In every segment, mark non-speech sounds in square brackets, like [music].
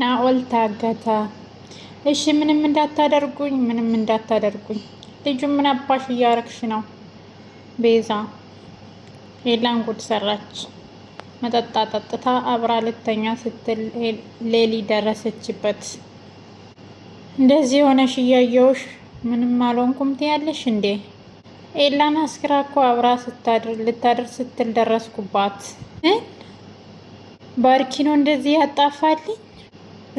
ናኦል ታገተ። እሺ ምንም እንዳታደርጉኝ፣ ምንም እንዳታደርጉኝ። ልጁ ምን አባሽ እያረግሽ ነው? ቤዛ ሌላን ጉድ ሰራች። መጠጣ ጠጥታ አብራ ልተኛ ስትል ሌሊ ደረሰችበት። እንደዚህ የሆነሽ እያየውሽ ምንም አልሆንኩም ትያለሽ እንዴ? ኤላን አስክራ እኮ አብራ ልታድር ስትል ደረስኩባት። ባርኪኖ እንደዚህ ያጣፋልኝ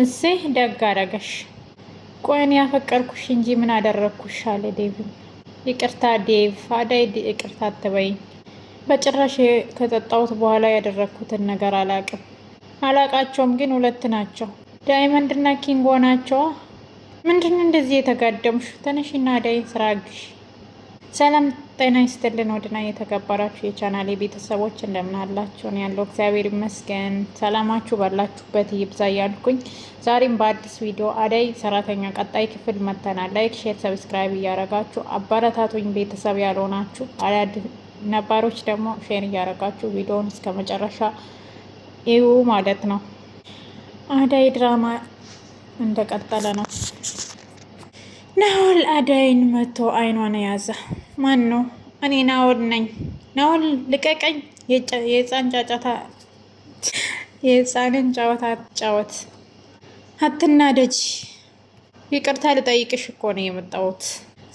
እሴ ደግ አደረገሽ። ቆይ እኔ ያፈቀርኩሽ እንጂ ምን አደረግኩሽ? አለ ዴቭም። ይቅርታ ዴቭ፣ አዳይ ይቅርታ አትበይኝ። በጭራሽ ከጠጣሁት በኋላ ያደረግኩትን ነገር አላቅም። አላቃቸውም ግን ሁለት ናቸው፣ ዳይመንድ እና ኪንጎ ናቸዋ። ምንድን እንደዚህ የተጋደምሽ? ተነሽና አዳይን ስራ አግሽ። ሰላም ጤና ይስጥልን ወድና የተከበራችሁ የቻናሌ ቤተሰቦች እንደምን አላችሁ? ያለው እግዚአብሔር ይመስገን። ሰላማችሁ ባላችሁበት ይብዛ እያልኩኝ ዛሬም በአዲስ ቪዲዮ አደይ ሰራተኛ ቀጣይ ክፍል መተናል። ላይክ፣ ሼር፣ ሰብስክራይብ እያረጋችሁ አበረታቱኝ። ቤተሰብ ያልሆናችሁ ነባሮች ደግሞ ሼር እያረጋችሁ ቪዲዮውን እስከ መጨረሻ ይዩ ማለት ነው። አደይ ድራማ እንደቀጠለ ነው። ናሁል አደይን መቶ አይኗን የያዘ ማን ነው? እኔ ናሁል ነኝ። ናሁል ልቀቀኝ፣ የህፃን ጫጫታ፣ የህፃንን ጨዋታ ጫወት አትናደጅ። ይቅርታ ልጠይቅሽ እኮ ነው የመጣሁት።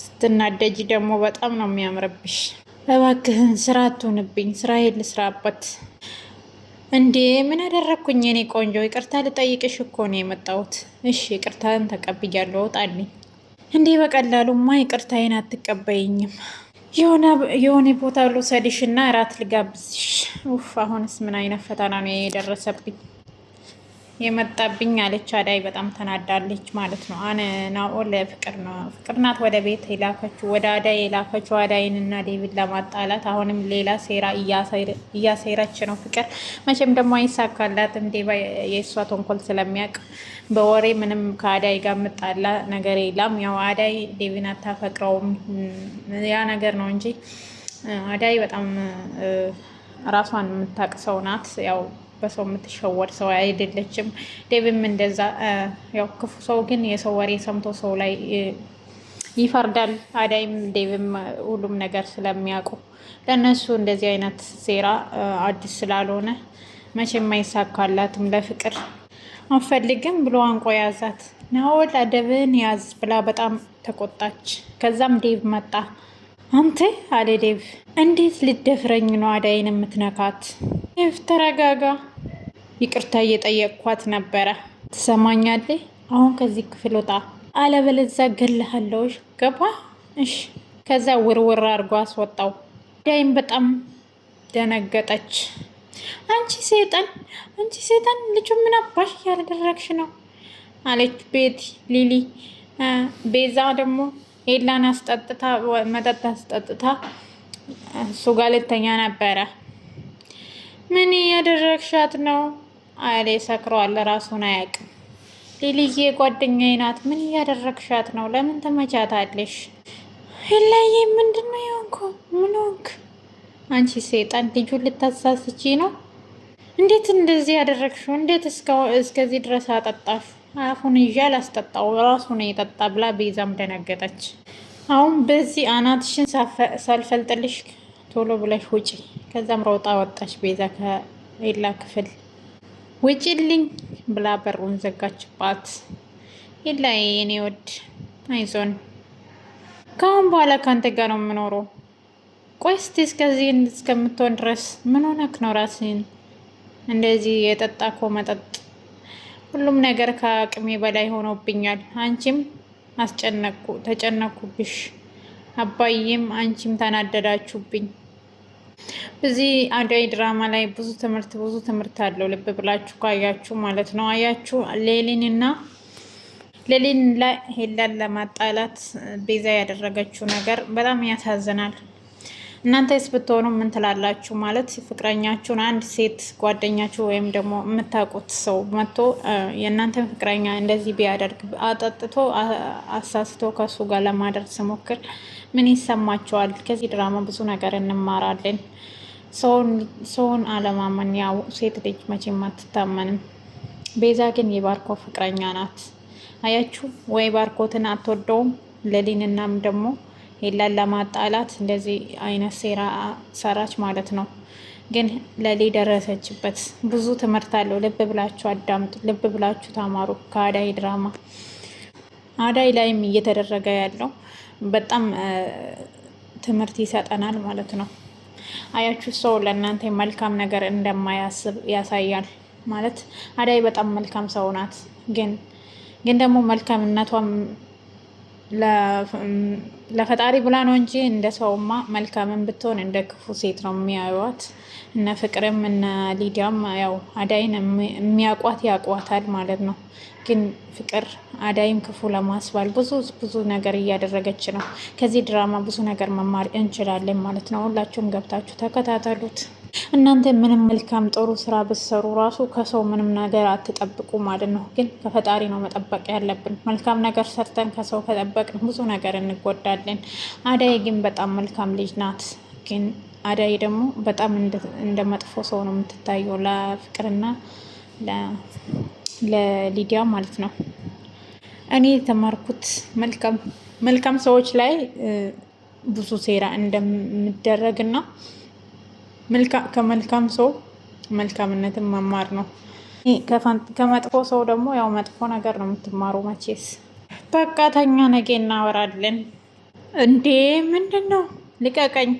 ስትናደጅ ደግሞ በጣም ነው የሚያምርብሽ። እባክህን ስራ ስራ ሄል ስራበት እንዴ ምን አደረግኩኝ? እኔ ቆንጆ ይቅርታ ልጠይቅሽ እኮ ነው የመጣሁት። እሺ ይቅርታን ተቀብያለሁ፣ ወጣልኝ። እንዲህ በቀላሉማ ይቅርታዬን አትቀበይኝም። የሆነ ቦታ ልውሰድሽ እና እራት ልጋብዝሽ። አሁንስ ምን አይነት ፈተና ነው የደረሰብኝ? የመጣብኝ አለች አዳይ። በጣም ተናዳለች ማለት ነው። አነ ናኦ ለፍቅር ነው ፍቅር ናት ወደ ቤት የላከችው ወደ አዳይ የላከችው አዳይን እና ዴቪድ ለማጣላት አሁንም ሌላ ሴራ እያሴረች ነው ፍቅር። መቼም ደግሞ አይሳካላትም። ዴባ የእሷ ተንኮል ስለሚያውቅ በወሬ ምንም ከአዳይ ጋር የምጣላ ነገር የለም። ያው አዳይ ዴቪን አታፈቅረውም። ያ ነገር ነው እንጂ አዳይ በጣም ራሷን የምታቅሰው ናት ያው በሰው የምትሸወድ ሰው አይደለችም። ዴብም እንደዛ ያው ክፉ ሰው ግን የሰው ወሬ ሰምቶ ሰው ላይ ይፈርዳል። አዳይም ዴብም ሁሉም ነገር ስለሚያውቁ ለእነሱ እንደዚህ አይነት ሴራ አዲስ ስላልሆነ መቼም አይሳካላትም። ለፍቅር አንፈልግም ብሎ አንቆ ያዛት። ናኦል አደብን ያዝ ብላ በጣም ተቆጣች። ከዛም ዴቭ መጣ። አንተ አለ ዴቭ፣ እንዴት ልደፍረኝ ነው አዳይን የምትነካት? ዴቭ ተረጋጋ ይቅርታ እየጠየቅኳት ነበረ። ትሰማኛለህ? አሁን ከዚህ ክፍል ውጣ፣ አለበለዚያ እገልሃለሁ። ገባ? እሺ። ከዛ ውርውር አድርጎ አስወጣው። ዳይም በጣም ደነገጠች። አንቺ ሴጠን አንቺ ሴጠን ልጁ ምን አባሽ ያላደረግሽ ነው አለች ቤት ሊሊ። ቤዛ ደግሞ ኤላን አስጠጥታ መጠጥ አስጠጥታ እሱ ጋር ልተኛ ነበረ። ምን እያደረግሻት ነው? አሌ ሰክሯል፣ ራሱን አያውቅም። ሊልዬ ጓደኛዬ ናት። ምን እያደረግሻት ነው? ለምን ትመቻታለሽ? ሄላዬ ምንድን ነው የሆንኩ? ምን ሆንክ አንቺ ሰይጣን? ልጁን ልታሳስቺ ነው? እንዴት እንደዚህ ያደረግሽው? እንዴት እስከዚህ ድረስ አጠጣሽ? አፉን ይዤ አላስጠጣው ራሱ ነው የጠጣ ብላ ቤዛም ደነገጠች። አሁን በዚህ አናትሽን ሳልፈልጥልሽ ቶሎ ብለሽ ውጪ። ከዛም ሮጣ ወጣች ቤዛ ከሌላ ክፍል ውጭልኝ ብላ በሩን ዘጋችባት። ይላይ የኔ ወድ አይዞን፣ ከአሁን በኋላ ከአንተ ጋር ነው የምኖረው። ቆይ እስቲ እስከዚህ እስከምትሆን ድረስ ምን ሆነክ ነው ራስን እንደዚህ የጠጣኮ መጠጥ ሁሉም ነገር ከአቅሜ በላይ ሆኖብኛል። አንቺም አስጨነቅኩ ተጨነቅኩብሽ፣ አባዬም አንቺም ተናደዳችሁብኝ። እዚህ አደይ ድራማ ላይ ብዙ ትምህርት ብዙ ትምህርት አለው። ልብ ብላችሁ ካያችሁ ማለት ነው። አያችሁ እና ሌሊን ላይ ሄላን ለማጣላት ቤዛ ያደረገችው ነገር በጣም ያሳዝናል። እናንተስ ብትሆኑ ምን ትላላችሁ? ማለት ፍቅረኛችሁን አንድ ሴት ጓደኛችሁ ወይም ደግሞ የምታውቁት ሰው መጥቶ የእናንተን ፍቅረኛ እንደዚህ ቢያደርግ አጠጥቶ አሳስቶ ከሱ ጋር ለማደር ስሞክር ምን ይሰማቸዋል? ከዚህ ድራማ ብዙ ነገር እንማራለን። ሰውን አለማመን፣ ያው ሴት ልጅ መቼም አትታመንም። ቤዛ ግን የባርኮ ፍቅረኛ ናት። አያችሁ ወይ? ባርኮትን አትወደውም። ለሊንናም ደግሞ ሄላን ለማጣላት እንደዚህ አይነት ሴራ ሰራች ማለት ነው። ግን ለሊ ደረሰችበት። ብዙ ትምህርት አለው። ልብ ብላችሁ አዳምጡ፣ ልብ ብላችሁ ተማሩ። ከአዳይ ድራማ አዳይ ላይም እየተደረገ ያለው በጣም ትምህርት ይሰጠናል ማለት ነው። አያችሁ ሰው ለእናንተ መልካም ነገር እንደማያስብ ያሳያል ማለት አዳይ በጣም መልካም ሰው ናት። ግን ግን ደግሞ መልካምነቷም ለፈጣሪ ብላ ነው እንጂ እንደ ሰውማ መልካምን ብትሆን እንደ ክፉ ሴት ነው የሚያዩዋት። እነ ፍቅርም እነ ሊዲያም ያው አዳይን የሚያውቋት ያውቋታል ማለት ነው። ግን ፍቅር አዳይም ክፉ ለማስባል ብዙ ብዙ ነገር እያደረገች ነው። ከዚህ ድራማ ብዙ ነገር መማር እንችላለን ማለት ነው። ሁላችሁም ገብታችሁ ተከታተሉት። እናንተ ምንም መልካም ጥሩ ስራ ብትሰሩ ራሱ ከሰው ምንም ነገር አትጠብቁ ማለት ነው። ግን ከፈጣሪ ነው መጠበቅ ያለብን። መልካም ነገር ሰርተን ከሰው ከጠበቅን ብዙ ነገር እንጎዳለን። አዳይ ግን በጣም መልካም ልጅ ናት። ግን አዳይ ደግሞ በጣም እንደ መጥፎ ሰው ነው የምትታየው ለፍቅርና ለሊዲያ ማለት ነው። እኔ የተማርኩት መልካም ሰዎች ላይ ብዙ ሴራ እንደሚደረግ እና ከመልካም ሰው መልካምነትን መማር ነው። ከመጥፎ ሰው ደግሞ ያው መጥፎ ነገር ነው የምትማሩ። መቼስ በቃ ተኛ፣ ነገ እናወራለን። እንዴ ምንድን ነው? ልቀቀኝ!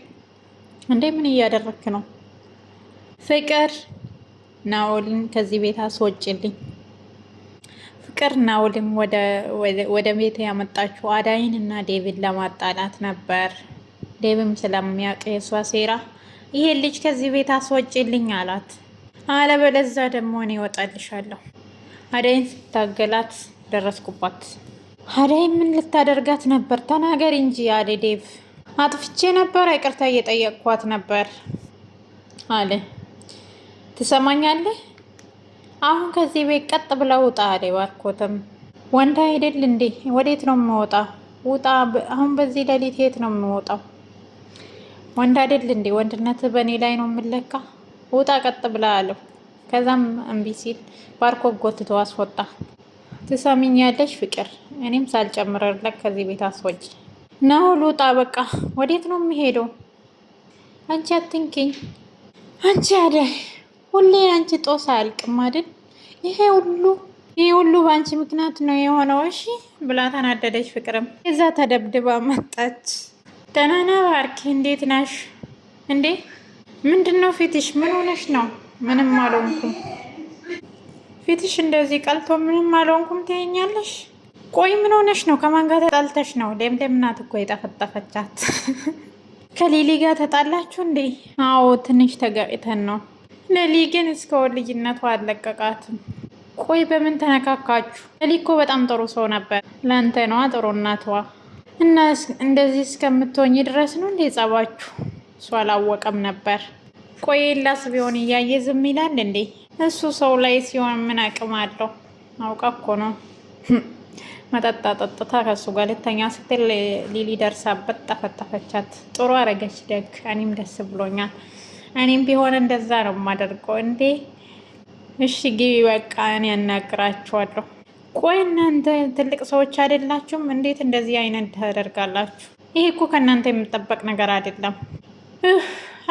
እንዴ ምን እያደረክ ነው? ፍቅር ናኦልን ከዚህ ቤት አስወጪልኝ። ፍቅርና ውልም ወደ ቤት ያመጣችው አዳይን እና ዴቪድ ለማጣላት ነበር። ዴቪም ስለሚያውቅ የእሷ ሴራ ይሄ ልጅ ከዚህ ቤት አስወጪልኝ አላት። አለበለዛ ደግሞ እኔ እወጣልሻለሁ። አዳይን ስታገላት ደረስኩባት። አዳይ ምን ልታደርጋት ነበር? ተናገር እንጂ አለ ዴቭ። አጥፍቼ ነበር፣ ይቅርታ እየጠየቅኳት ነበር አለ። ትሰማኛለህ አሁን ከዚህ ቤት ቀጥ ብላ ውጣ አለ ባርኮትም። ወንድ አይደል እንዴ? ወዴት ነው የምወጣ? ውጣ! አሁን በዚህ ሌሊት የት ነው የምወጣው? ወንድ አይደል እንዴ? ወንድነት በእኔ ላይ ነው የምለካ? ውጣ ቀጥ ብላ አለው። ከዛም እምቢ ሲል ባርኮት ጎትቶ አስወጣ። ትሰሚኛለሽ ፍቅር፣ እኔም ሳልጨምርልክ ከዚህ ቤት አስወጪ ነው። ልውጣ በቃ። ወዴት ነው የምሄደው? አንቺ አትንኪኝ አንቺ አደይ ሁሌ አንቺ ጦስ አያልቅም አይደል? ይሄ ሁሉ ይህ ሁሉ በአንቺ ምክንያት ነው የሆነው። እሺ ብላ ተናደደች። ፍቅርም እዛ ተደብድባ መጣች። ደህና ነህ ባርኬ፣ እንዴት ነሽ? እንዴ ምንድን ነው ፊትሽ? ምን ሆነሽ ነው? ምንም አልሆንኩም። ፊትሽ እንደዚህ ቀልቶ ምንም አልሆንኩም ትይኛለሽ? ቆይ ምን ሆነሽ ነው? ከማን ጋር ተጣልተሽ ነው? ደምደም ናት እኮ የጠፈጠፈቻት። [laughs] ከሌሊ ጋር ተጣላችሁ እንዴ? አዎ ትንሽ ተጋጭተን ነው ነሊ ግን እስከ ወልይነቷ አለቀቃትም። ቆይ በምን ተነካካችሁ? ነሊ እኮ በጣም ጥሩ ሰው ነበር። ነዋ ጥሩ እናትዋ እና እንደዚህ እስከምትሆኝ ድረስ ነው እንዴ ጸባችሁ? እሱ አላወቀም ነበር። ቆይ ላስ ቢሆን እያየ ዝም ይላል እንዴ? እሱ ሰው ላይ ሲሆን ምን አቅም አለው? አውቃ እኮ ነው። [laughs] መጠጣ ጠጥታ ከሱ ጋር ልተኛ ስትል ሊሊ ደርሳበት ጠፈጠፈቻት። ጥሩ አረገች። ደግ እኔም ደስ ብሎኛል። እኔም ቢሆን እንደዛ ነው የማደርገው። እንዴ እሺ ግቢ በቃ እኔ ያናግራችኋለሁ። ቆይ እናንተ ትልቅ ሰዎች አይደላችሁም? እንዴት እንደዚህ አይነት ታደርጋላችሁ? ይሄ እኮ ከእናንተ የምጠበቅ ነገር አይደለም።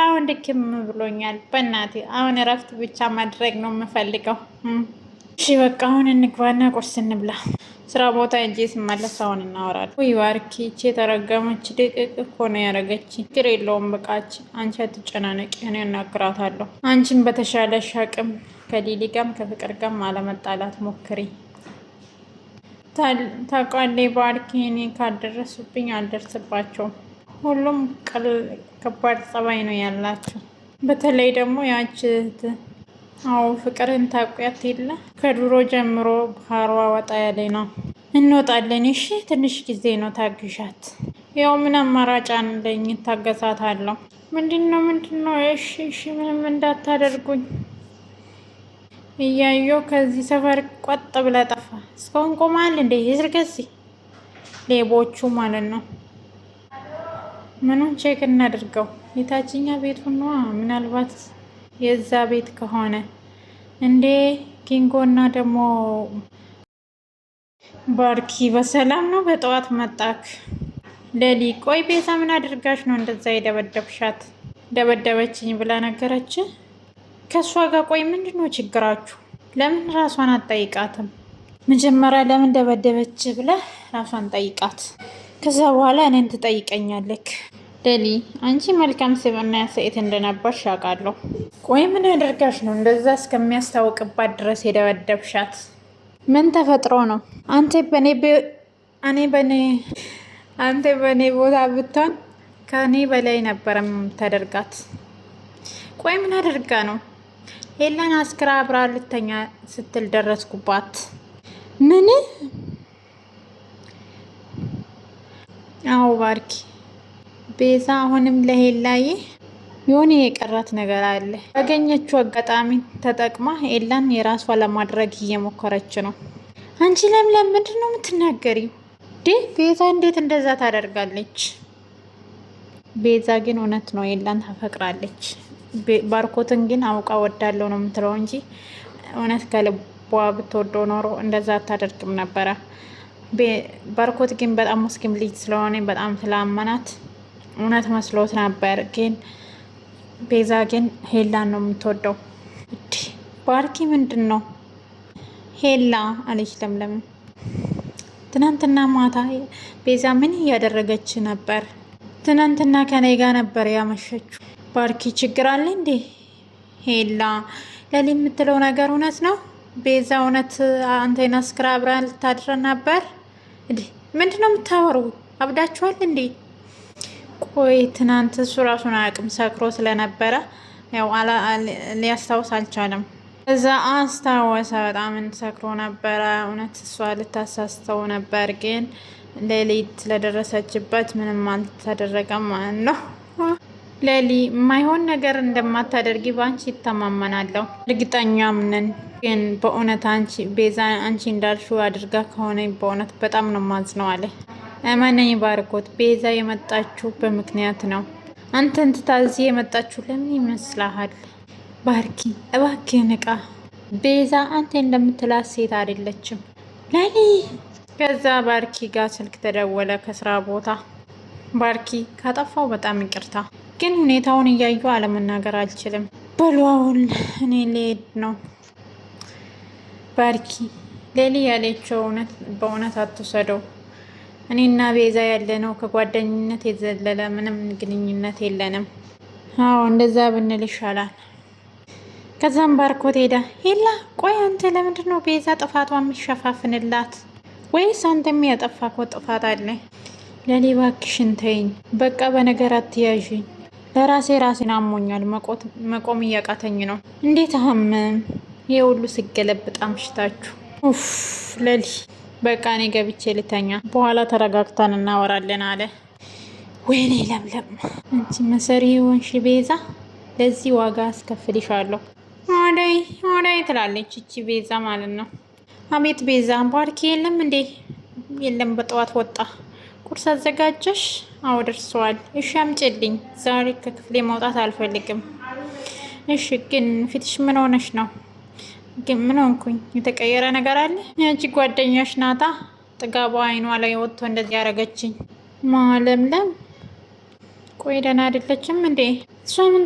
አሁን ድክም ብሎኛል። በእናቴ አሁን እረፍት ብቻ ማድረግ ነው የምፈልገው። እሺ በቃ አሁን እንግባና ቁርስ እንብላ። ስራ ቦታ እጄ ስመለስ አሁን እናወራለን። ይባርኪ ይቺ የተረገመች ድቅቅ እኮ ነው ያደረገች። ችግር የለውም በቃች። አንቺ አትጨናነቂ፣ እኔ እናግራታለሁ። አንቺን በተሻለሽ አቅም ከሊሊ ጋም ከፍቅር ጋም አለመጣላት ሞክሪ። ታቋሌ ባርኪ፣ እኔ ካልደረሱብኝ አልደርስባቸውም። ሁሉም ከባድ ጸባይ ነው ያላቸው። በተለይ ደግሞ ያች አዎ ፍቅርን ታውቂያት የለ ከድሮ ጀምሮ ባህሯ ወጣ ያለ ነው። እንወጣለን። እሺ ትንሽ ጊዜ ነው ታግሻት። ያው ምን አማራጭ አለኝ? አለው። ምንድን ነው ምንድን ነው? እሺ እሺ፣ ምንም እንዳታደርጉኝ እያየው ከዚህ ሰፈር ቆጥ ብለ ጠፋ። እስካሁን ቆማል እንደ ይስርከሲ ሌቦቹ ማለት ነው። ምኑን ቼክ እናድርገው? የታችኛ ቤቱ ነዋ ምናልባት የዛ ቤት ከሆነ እንዴ እና ደግሞ ባርኪ በሰላም ነው? በጠዋት መጣክ ለሊ ቆይ ቤዛ ምን አድርጋሽ ነው እንደዛ የደበደብሻት? ደበደበችኝ ብላ ነገረች። ከእሷ ጋር ቆይ ምንድን ነው ችግራችሁ? ለምን ራሷን አትጠይቃትም? መጀመሪያ ለምን ደበደበች ብለህ ራሷን ጠይቃት። ከዛ በኋላ እኔን ትጠይቀኛለክ። ደሊ አንቺ መልካም ስብዕና ሴት እንደነበርሽ አውቃለሁ። ቆይ ምን አደርጋሽ ነው እንደዛ እስከሚያስታውቅባት ድረስ የደበደብሻት? ምን ተፈጥሮ ነው? አንተ በኔ እኔ በኔ አንተ ቦታ ብትሆን ከኔ በላይ ነበረ ተደርጋት። ቆይ ምን አደርጋ ነው? ሄለን አስክራ አብራ ልተኛ ስትል ደረስኩባት። ምን? አዎ ባርኪ ቤዛ አሁንም ለሄላዬ የሆነ የቀራት ነገር አለ። ያገኘችው አጋጣሚ ተጠቅማ ኤላን የራሷ ለማድረግ እየሞከረች ነው። አንቺ ለምለም ምንድን ነው የምትናገሪው? ዴ ቤዛ እንዴት እንደዛ ታደርጋለች? ቤዛ ግን እውነት ነው ኤላን ታፈቅራለች። ባርኮትን ግን አውቃ ወዳለው ነው የምትለው እንጂ እውነት ከልቧ ብትወዶ ኖሮ እንደዛ አታደርግም ነበረ። ባርኮት ግን በጣም ሙስኪም ልጅ ስለሆነ በጣም ስላመናት እውነት መስሎት ነበር። ግን ቤዛ ግን ሄላን ነው የምትወደው። እንዲህ ባርኪ ምንድን ነው ሄላ አለች ለምለም። ትናንትና ማታ ቤዛ ምን እያደረገች ነበር? ትናንትና ከኔ ጋር ነበር ያመሸችው። ባርኪ ችግር አለ እንዴ? ሄላ ለሊ የምትለው ነገር እውነት ነው? ቤዛ እውነት አንቴና ስክራ ልታድረ ነበር? ምንድን ነው የምታወሩ? አብዳችኋል እንዴ? ቆይ ትናንት እሱ ራሱን አያውቅም ሰክሮ ስለነበረ ያው ሊያስታውስ አልቻለም። እዛ አስታወሰ። በጣም ሰክሮ ነበረ። እውነት እሷ ልታሳስተው ነበር፣ ግን ሌሊት ስለደረሰችበት ምንም አልተደረገም ማለት ነው። ሌሊ የማይሆን ነገር እንደማታደርጊ በአንቺ ይተማመናለሁ፣ እርግጠኛም ነን። ግን በእውነት አንቺ ቤዛ አንቺ እንዳልሹ አድርጋ ከሆነ በእውነት በጣም ነው ማዝነው አለ ማነኝ ባርኮት ቤዛ የመጣችሁ በምክንያት ነው። አንተን ትታዚ የመጣችሁ ለምን ይመስልሃል? ባርኪ እባክህ ንቃ። ቤዛ አንተ እንደምትላት ሴት አይደለችም። ለኒ ከዛ ባርኪ ጋር ስልክ ተደወለ ከስራ ቦታ። ባርኪ ካጠፋው በጣም ይቅርታ፣ ግን ሁኔታውን እያዩ አለመናገር አልችልም። በሉ አሁን እኔ ልሄድ ነው። ባርኪ ሌሊ ያለችው በእውነት አትውሰደው እኔና ቤዛ ያለነው ከጓደኝነት የዘለለ ምንም ግንኙነት የለንም። አዎ እንደዛ ብንል ይሻላል። ከዛም ባርኮት ሄደ። ሄላ፣ ቆይ አንተ ለምንድን ነው ቤዛ ጥፋቷ የሚሸፋፍንላት ወይስ አንተ የሚያጠፋ እኮ ጥፋት አለ? ለኔ ባክሽን ተይኝ፣ በቃ በነገር አትያዥኝ። ለራሴ ራሴን አሞኛል፣ መቆም እያቃተኝ ነው። እንዴት አመም? ይሄ ሁሉ ስገለብጥ አምሽታችሁ ኡፍ ለሊ በቃ እኔ ገብቼ ልተኛ፣ በኋላ ተረጋግተን እናወራለን አለ። ወይኔ ለምለም፣ አንቺ መሰሪ ወንሽ ቤዛ፣ ለዚህ ዋጋ አስከፍልሻለሁ ወዳይ ወዳይ ትላለች እቺ ቤዛ ማለት ነው። አቤት ቤዛ፣ ባርኪ የለም እንዴ? የለም በጠዋት ወጣ። ቁርስ አዘጋጀሽ? አዎ ደርሰዋል። እሺ አምጪልኝ። ዛሬ ከክፍሌ መውጣት አልፈልግም። እሺ ግን ፊትሽ ምን ሆነሽ ነው? ግን ምን ሆንኩኝ? የተቀየረ ነገር አለ? ያቺ ጓደኛሽ ናታ ጥጋቧ አይኗ ላይ ወጥቶ እንደዚህ ያደረገችኝ ማለምለም። ቆይ ደህና አይደለችም እንዴ? እሷ ምን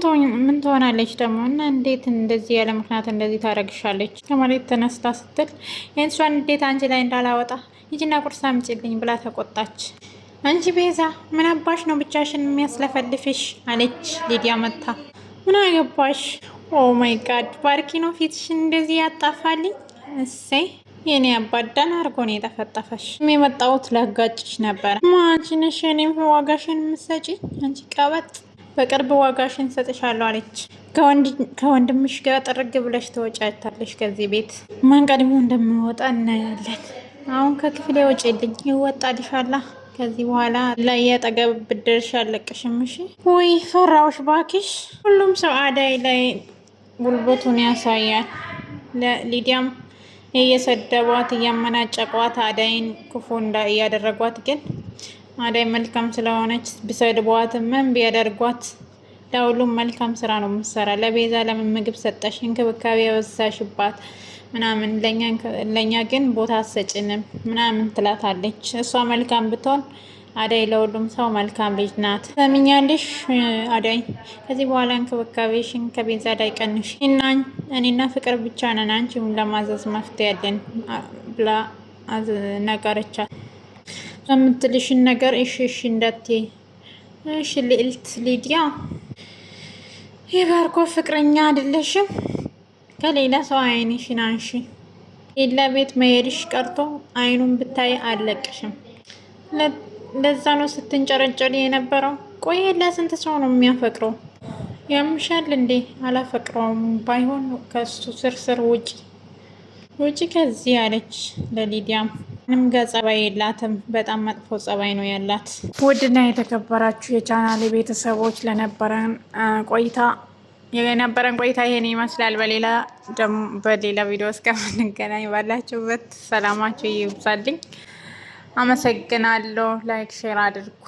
ትሆናለች ደግሞ? እና እንዴት እንደዚህ ያለ ምክንያት እንደዚህ ታደረግሻለች ከመሬት ተነስታ ስትል ይህን እሷን እንዴት አንቺ ላይ እንዳላወጣ ይችና ቁርስ አምጪልኝ ብላ ተቆጣች። አንቺ ቤዛ ምን አባሽ ነው ብቻሽን የሚያስለፈልፍሽ? አለች ሊዲያ መታ ምን አገባሽ ኦ oh ማይ ጋድ ባርኪ ነው ፊትሽ እንደዚህ ያጣፋልኝ። እሰይ የኔ አባዳን አርጎ ነው የጠፈጠፈሽ። የመጣሁት ላጋጭሽ ነበረ። ማንችንሽ እኔም ዋጋሽን ምሰጪ አንቺ ቀበጥ። በቅርብ ዋጋሽን ሰጥሻለሁ አለች። ከወንድምሽ ጋር ጥርግ ብለሽ ተወጫታለሽ ከዚህ ቤት። ማን ቀድሞ እንደምወጣ እናያለን። አሁን ከክፍሌ ወጪልኝ። ይወጣልሻላ። ከዚህ በኋላ ላይ ያጠገብ ብድርሽ አለቅሽምሽ። ወይ ፈራውሽ ባኪሽ። ሁሉም ሰው አዳይ ላይ ጉልበቱን ያሳያል። ለሊዲያም እየሰደቧት እያመናጨቋት አዳይን ክፉ እያደረጓት ግን አዳይ መልካም ስለሆነች ቢሰድቧት ምን ቢያደርጓት ለሁሉም መልካም ስራ ነው የምትሰራ። ለቤዛ ለምን ምግብ ሰጠሽ? እንክብካቤ ያበዛሽባት ምናምን ለእኛ ግን ቦታ አትሰጭንም ምናምን ትላታለች። እሷ መልካም ብትሆን አደይ ለሁሉም ሰው መልካም ልጅ ናት። ሰሚኛልሽ አደይ፣ ከዚህ በኋላ እንክብካቤሽን ከቤዛ ላይ ቀንሽ። እኔና ፍቅር ብቻ ነን አንቺም ለማዘዝ መፍትሄ ያለን ብላ ነገረቻት። በምትልሽን ነገር እሺ እሺ እንዳትዪ እሺ። ልዕልት ሊዲያ የባርኮት ፍቅረኛ አይደለሽም? ከሌላ ሰው አይንሽን አንሺ። ሌላ ቤት መሄድሽ ቀርቶ አይኑን ብታይ አለቅሽም። ለዛ ነው ስትንጨረጨሪ የነበረው። ቆይ ለስንት ሰው ነው የሚያፈቅረው? ያምሻል እንዴ? አላፈቅረውም። ባይሆን ከሱ ስርስር ውጪ ውጪ ከዚህ አለች ለሊዲያም ምንም ጋ ጸባይ የላትም። በጣም መጥፎ ጸባይ ነው ያላት። ውድና የተከበራችሁ የቻናሌ ቤተሰቦች ለነበረን ቆይታ የነበረን ቆይታ ይሄን ይመስላል። በሌላ ደግሞ በሌላ ቪዲዮ እስከምንገናኝ ባላችሁበት ሰላማችሁ ይብዛልኝ። አመሰግናለሁ። ላይክ ሼር አድርጉ።